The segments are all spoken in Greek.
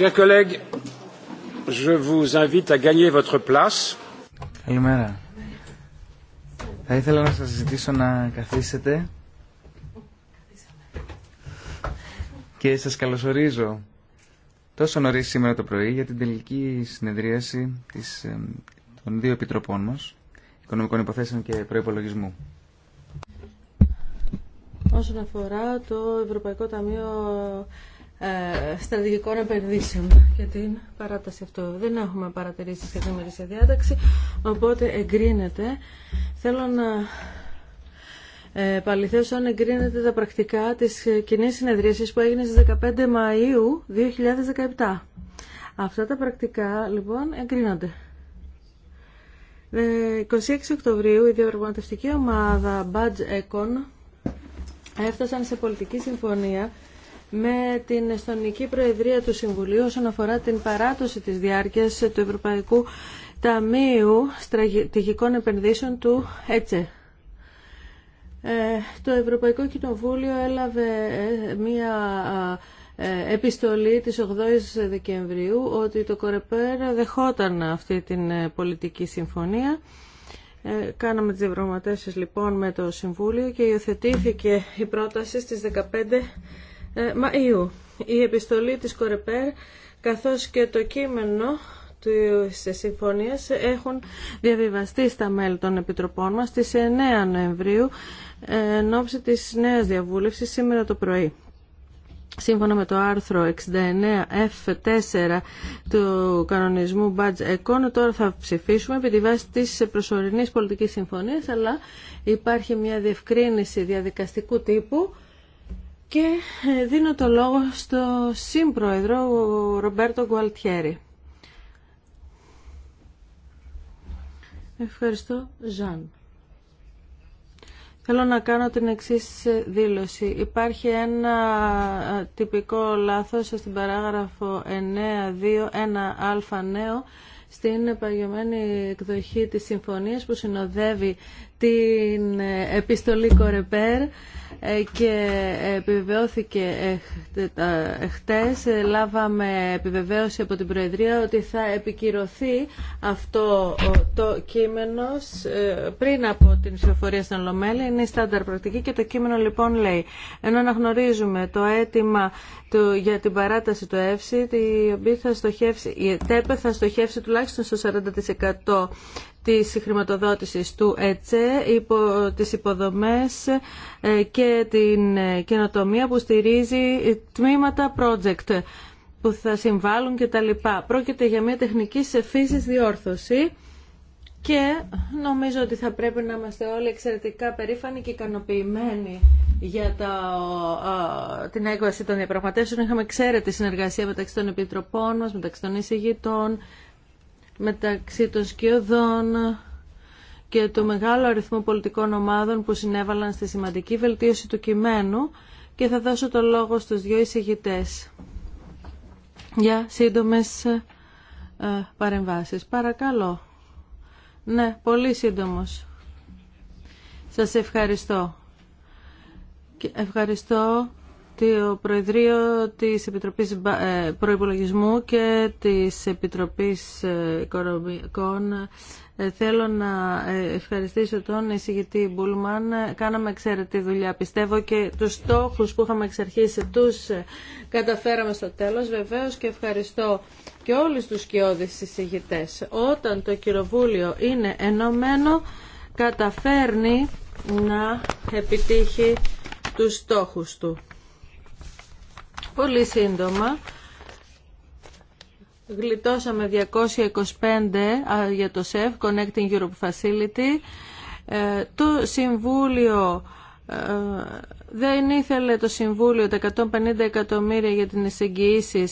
Chers collègues, je vous invite à gagner votre place. Καλημέρα. Θα ήθελα να σας ζητήσω να καθίσετε και σας καλωσορίζω τόσο νωρίς σήμερα το πρωί για την τελική συνεδρίαση της, ε, των δύο επιτροπών μας, Οικονομικών Υποθέσεων και Προϋπολογισμού. Όσον αφορά το Ευρωπαϊκό Ταμείο ε, στρατηγικών επενδύσεων για την παράταση αυτό. Δεν έχουμε παρατηρήσει για την σε διάταξη, οπότε εγκρίνεται. Θέλω να ε, παληθέσω αν εγκρίνεται τα πρακτικά της κοινή συνεδρίασης που έγινε στις 15 Μαΐου 2017. Αυτά τα πρακτικά λοιπόν εγκρίνονται. 26 Οκτωβρίου η διοργανωτευτική ομάδα Badge Econ έφτασαν σε πολιτική συμφωνία με την Εστονική Προεδρία του Συμβουλίου όσον αφορά την παράτωση της διάρκειας του Ευρωπαϊκού Ταμείου Στρατηγικών Επενδύσεων του ΕΤΣΕ. Ε, το Ευρωπαϊκό Κοινοβούλιο έλαβε ε, μία ε, επιστολή της 8ης Δεκεμβρίου ότι το Κορεπέρ δεχόταν αυτή την πολιτική συμφωνία. κάναμε τις διαπραγματεύσεις λοιπόν με το Συμβούλιο και υιοθετήθηκε η πρόταση στις 15 ε, Μαΐου. Η επιστολή της Κορεπέρ καθώς και το κείμενο της συμφωνίας έχουν διαβιβαστεί στα μέλη των Επιτροπών μας στις 9 Νοεμβρίου ε, εν ώψη της νέας διαβούλευσης σήμερα το πρωί. Σύμφωνα με το άρθρο 69F4 του κανονισμού Badge Econ, τώρα θα ψηφίσουμε επί τη βάση της προσωρινής πολιτικής συμφωνίας, αλλά υπάρχει μια διευκρίνηση διαδικαστικού τύπου και ε, δίνω το λόγο στο σύμπροεδρο Ρομπέρτο Γκουαλτιέρη. Ευχαριστώ, Ζαν. Θέλω να κάνω την εξής ε, δήλωση. Υπάρχει ένα ε, τυπικό λάθος στην παράγραφο 9.2.1α νέο στην παγιωμένη εκδοχή της συμφωνίας που συνοδεύει την επιστολή Κορεπέρ ε, και επιβεβαιώθηκε χτες, ε, λάβαμε επιβεβαίωση από την Προεδρία ότι θα επικυρωθεί αυτό το κείμενο ε, πριν από την ψηφοφορία στην Ολομέλη. Είναι η στάνταρ πρακτική και το κείμενο λοιπόν λέει ενώ αναγνωρίζουμε το αίτημα για την παράταση του ΕΦΣΙ, η οποία θα στοχεύσει τουλάχιστον στο 40% της χρηματοδότησης του ΕΤΣΕ, υπο, τις υποδομές ε, και την ε, καινοτομία που στηρίζει τμήματα project που θα συμβάλλουν κτλ. Πρόκειται για μια τεχνική σε φύσης διόρθωση και νομίζω ότι θα πρέπει να είμαστε όλοι εξαιρετικά περήφανοι και ικανοποιημένοι για το, ε, την έκβαση των διαπραγματεύσεων. Είχαμε εξαίρετη συνεργασία μεταξύ των επιτροπών μας, μεταξύ των εισηγητών, μεταξύ των σκιωδών και του μεγάλου αριθμού πολιτικών ομάδων που συνέβαλαν στη σημαντική βελτίωση του κειμένου και θα δώσω το λόγο στους δύο εισηγητές για σύντομες ε, παρεμβάσεις. Παρακαλώ. Ναι, πολύ σύντομος. Σας ευχαριστώ. Και ευχαριστώ το Προεδρείο της Επιτροπής ε, Προϋπολογισμού και της Επιτροπής ε, Οικονομικών ε, θέλω να ευχαριστήσω τον εισηγητή Μπούλμαν. Κάναμε εξαιρετή δουλειά, πιστεύω, και τους στόχους που είχαμε εξαρχίσει τους καταφέραμε στο τέλος. Βεβαίως και ευχαριστώ και όλους τους σκιώδεις εισηγητές. Όταν το κυροβούλιο είναι ενωμένο, καταφέρνει να επιτύχει τους στόχους του. Πολύ σύντομα. Γλιτώσαμε 225 για το ΣΕΦ, Connecting Europe Facility. Ε, το Συμβούλιο ε, δεν ήθελε το Συμβούλιο τα 150 εκατομμύρια για την εισεγγυήσει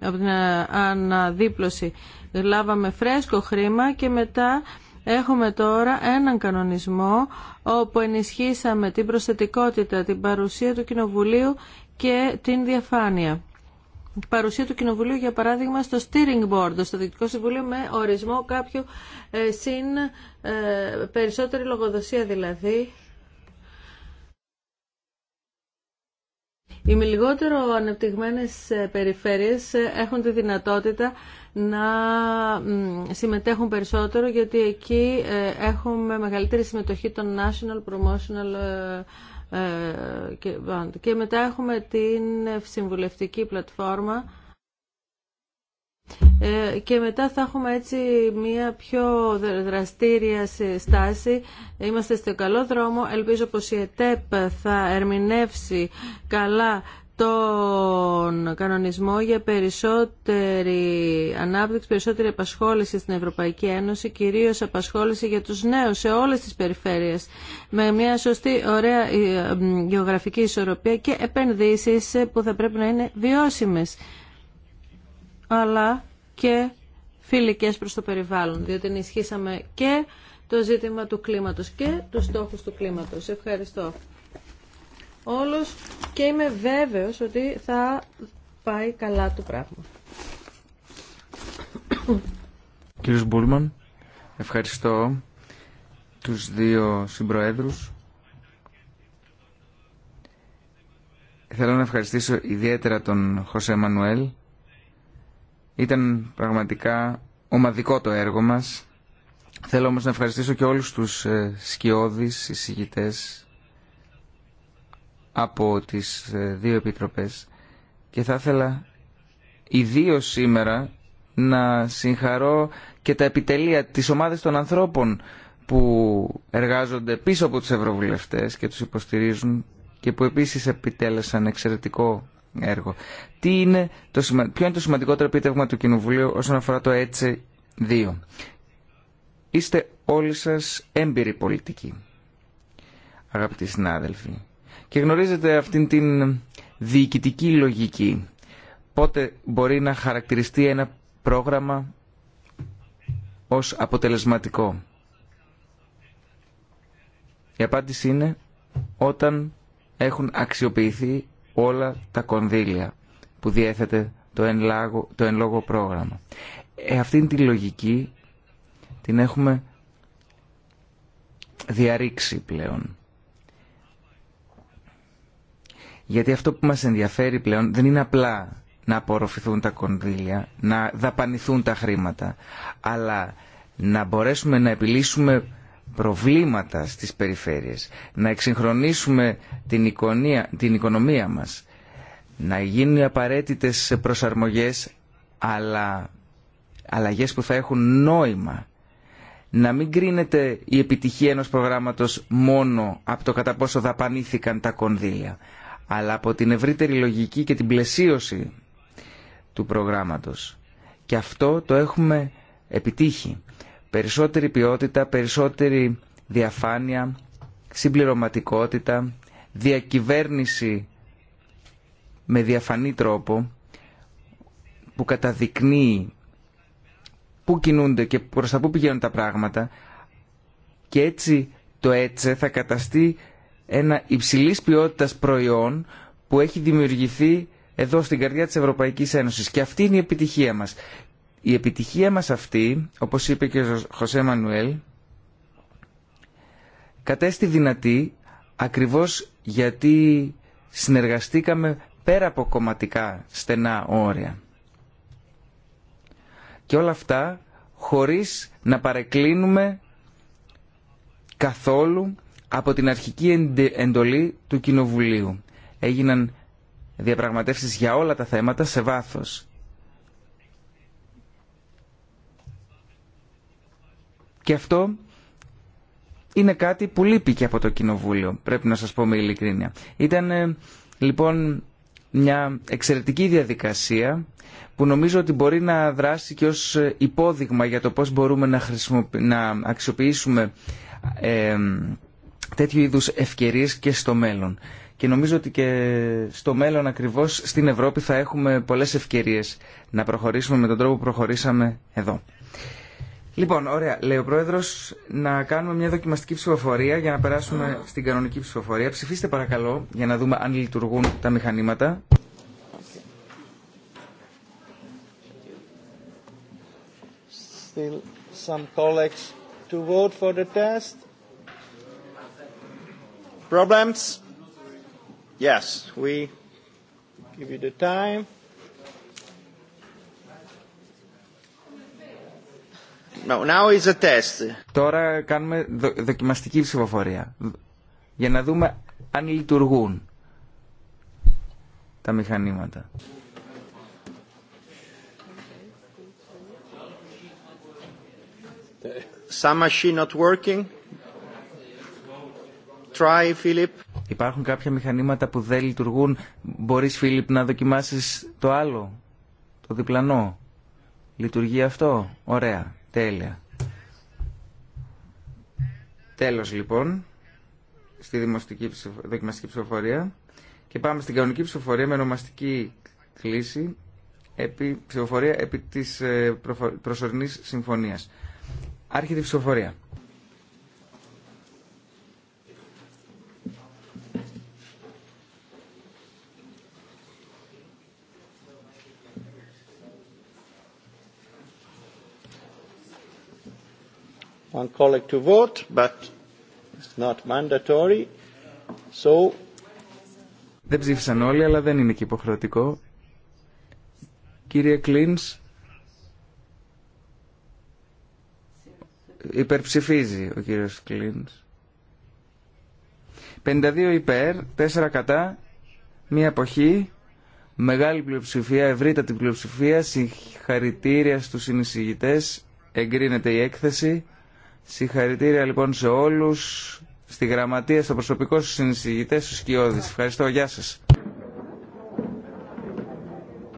από την ε, αναδίπλωση. Λάβαμε φρέσκο χρήμα και μετά έχουμε τώρα έναν κανονισμό όπου ενισχύσαμε την προσθετικότητα, την παρουσία του Κοινοβουλίου και την διαφάνεια. Παρουσία του Κοινοβουλίου, για παράδειγμα, στο Steering Board, στο Διοικητικό Συμβούλιο, με ορισμό κάποιου ε, συν ε, περισσότερη λογοδοσία δηλαδή. Οι λιγότερο ανεπτυγμένες ε, περιφέρειες έχουν τη δυνατότητα να συμμετέχουν περισσότερο γιατί εκεί έχουμε μεγαλύτερη συμμετοχή των National Promotional ε, ε, και μετά έχουμε την συμβουλευτική πλατφόρμα ε, και μετά θα έχουμε έτσι μια πιο δραστήρια στάση. Είμαστε στο καλό δρόμο. Ελπίζω πως η ΕΤΕΠ θα ερμηνεύσει καλά τον κανονισμό για περισσότερη ανάπτυξη, περισσότερη απασχόληση στην Ευρωπαϊκή Ένωση, κυρίως απασχόληση για τους νέους σε όλες τις περιφέρειες, με μια σωστή, ωραία ε, γεωγραφική ισορροπία και επενδύσεις που θα πρέπει να είναι βιώσιμες, αλλά και φιλικές προς το περιβάλλον, διότι ενισχύσαμε και το ζήτημα του κλίματος και τους στόχους του κλίματος. Ευχαριστώ όλους και είμαι βέβαιος ότι θα πάει καλά το πράγμα. Κύριος Μπούλμαν, ευχαριστώ τους δύο συμπροέδρους. Θέλω να ευχαριστήσω ιδιαίτερα τον Χωσέ Μανουέλ. Ήταν πραγματικά ομαδικό το έργο μας. Θέλω όμως να ευχαριστήσω και όλους τους ε, σκιώδεις εισηγητές από τις ε, δύο επιτροπές και θα ήθελα ιδίω σήμερα να συγχαρώ και τα επιτελεία της ομάδας των ανθρώπων που εργάζονται πίσω από τους ευρωβουλευτές και τους υποστηρίζουν και που επίσης επιτέλεσαν εξαιρετικό έργο. Τι είναι το, ποιο είναι το σημαντικότερο επίτευγμα του Κοινοβουλίου όσον αφορά το έτσι 2. Είστε όλοι σας έμπειροι πολιτικοί, αγαπητοί συνάδελφοι. Και γνωρίζετε αυτήν την διοικητική λογική. Πότε μπορεί να χαρακτηριστεί ένα πρόγραμμα ως αποτελεσματικό. Η απάντηση είναι όταν έχουν αξιοποιηθεί όλα τα κονδύλια που διέθετε το εν, το λόγω πρόγραμμα. Ε, αυτήν τη λογική την έχουμε διαρρήξει πλέον. Γιατί αυτό που μας ενδιαφέρει πλέον δεν είναι απλά να απορροφηθούν τα κονδύλια, να δαπανηθούν τα χρήματα, αλλά να μπορέσουμε να επιλύσουμε προβλήματα στις περιφέρειες, να εξυγχρονίσουμε την, την οικονομία μας, να γίνουν απαραίτητες προσαρμογές, αλλά αλλαγές που θα έχουν νόημα. Να μην κρίνεται η επιτυχία ενός προγράμματος μόνο από το κατά πόσο δαπανήθηκαν τα κονδύλια, αλλά από την ευρύτερη λογική και την πλαισίωση του προγράμματος. Και αυτό το έχουμε επιτύχει. Περισσότερη ποιότητα, περισσότερη διαφάνεια, συμπληρωματικότητα, διακυβέρνηση με διαφανή τρόπο που καταδεικνύει πού κινούνται και προς τα πού πηγαίνουν τα πράγματα και έτσι το έτσι θα καταστεί ένα υψηλής ποιότητας προϊόν που έχει δημιουργηθεί εδώ στην καρδιά της Ευρωπαϊκής Ένωσης. Και αυτή είναι η επιτυχία μας. Η επιτυχία μας αυτή, όπως είπε και ο Χωσέ Μανουέλ, κατέστη δυνατή ακριβώς γιατί συνεργαστήκαμε πέρα από κομματικά στενά όρια. Και όλα αυτά χωρίς να παρεκκλίνουμε καθόλου από την αρχική εντολή του Κοινοβουλίου. Έγιναν διαπραγματεύσεις για όλα τα θέματα σε βάθος. Και αυτό είναι κάτι που λείπει και από το Κοινοβούλιο, πρέπει να σας πω με ειλικρίνεια. Ήταν ε, λοιπόν μια εξαιρετική διαδικασία που νομίζω ότι μπορεί να δράσει και ως ε, υπόδειγμα για το πώς μπορούμε να, να αξιοποιήσουμε... Ε, τέτοιου είδους ευκαιρίες και στο μέλλον. Και νομίζω ότι και στο μέλλον ακριβώς στην Ευρώπη θα έχουμε πολλές ευκαιρίες να προχωρήσουμε με τον τρόπο που προχωρήσαμε εδώ. Λοιπόν, ωραία, λέει ο πρόεδρο να κάνουμε μια δοκιμαστική ψηφοφορία για να περάσουμε στην κανονική ψηφοφορία. Ψηφίστε παρακαλώ για να δούμε αν λειτουργούν τα μηχανήματα. Still some colleagues to vote for the test. Problems? Yes, we give you the time. No, now is a test. Τώρα κάνουμε δο δοκιμαστική ψηφοφορία για να δούμε αν λειτουργούν τα μηχανήματα. Some machine not working. Υπάρχουν κάποια μηχανήματα που δεν λειτουργούν. Μπορείς, Φίλιπ, να δοκιμάσεις το άλλο, το διπλανό. Λειτουργεί αυτό. Ωραία. Τέλεια. Τέλος, λοιπόν, στη δημοστική δοκιμαστική ψηφοφορία. Και πάμε στην κανονική ψηφοφορία με ονομαστική κλίση επί, ψηφοφορία επί της ε, προσωρινής συμφωνίας. Άρχεται η ψηφοφορία. to vote, but it's not mandatory. So... Δεν ψήφισαν όλοι, αλλά δεν είναι και υποχρεωτικό. Κύριε Κλίνς, υπερψηφίζει ο κύριος Κλίνς. 52 υπέρ, 4 κατά, μία αποχή, μεγάλη πλειοψηφία, ευρύτατη πλειοψηφία, συγχαρητήρια στους συνεισηγητές, εγκρίνεται η έκθεση. Συγχαρητήρια λοιπόν σε όλους, στη γραμματεία, στο προσωπικό, στους συνεισηγητές, στους σκιώδεις. Ευχαριστώ, γεια σας.